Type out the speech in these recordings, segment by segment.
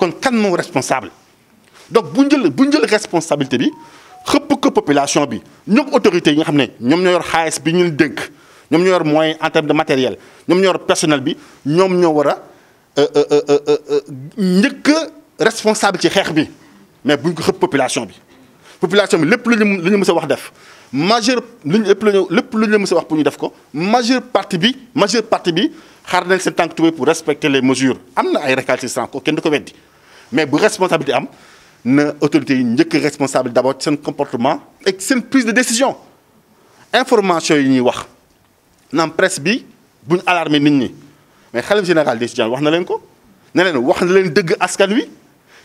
Donc, kan est responsable donc si responsabilité bi population autorités ne en termes de matériel les personnel euh, euh, euh, responsabilité, mais population la population le La majeure pour partie majeure partie pour respecter les mesures Il ay récalcitrants ko kenn du mais bu responsabilité am na autorité yi responsable d'abord son comportement et sa prise de décision information yi ñi dans la presse elle n'est pas alarmée. mais xalim général des étudiants wax na leen ko ne leen wax na leen dëgg askan wi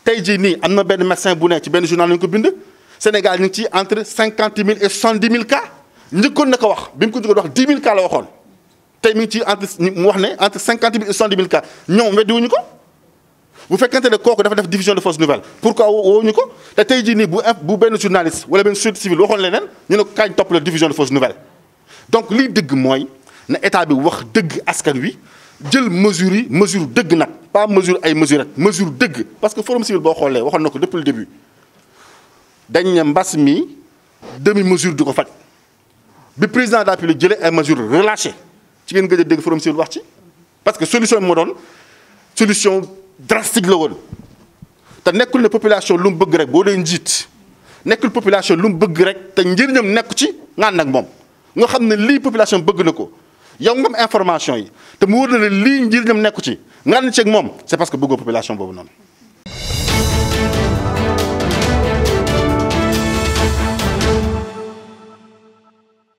tay ji ni amna ben médecin bu journal ñu ko bind sénégal ñu entre 50 000 et 110 000 cas ñëkkon na ko wax bi mu 10 000 cas la waxoon tay mi entre 50 000 et 110 000 cas ñoom wedd wuñu ko bu fekkente le corps dafa def division de force nouvelle pourquoi woowuñu ko te tey vous nii bu bu benn journaliste wala benn société civile Vous leneen ñu ne ko kañ topp la division de force nouvelle. donc liy dëgg mooy na état bi wax dëgg à wi jël lui. yi mesure dëgg nag pas mesure ay mesure mesure dëgg parce que forum civil vous xoolee waxoon ko depuis le début dañ ne mbas mi demi mesure du ko faj bi président de la République jëlee ay mesure relâchée. ci ngeen gëj a le forum civil wax ci parce que solution bi doon solution drastique la woon te nekkul population lu mu bëgg rek boo dee njiit nekkul population lu mu bëgg rek te njëriñam nekku ci nga ak mom. nga xamne li population bëgg na ko yow nga am information yi te mu wóor na ne lii njëriñam nekku ci nga ci ak mom, c'est parce que bëgg population bobu non.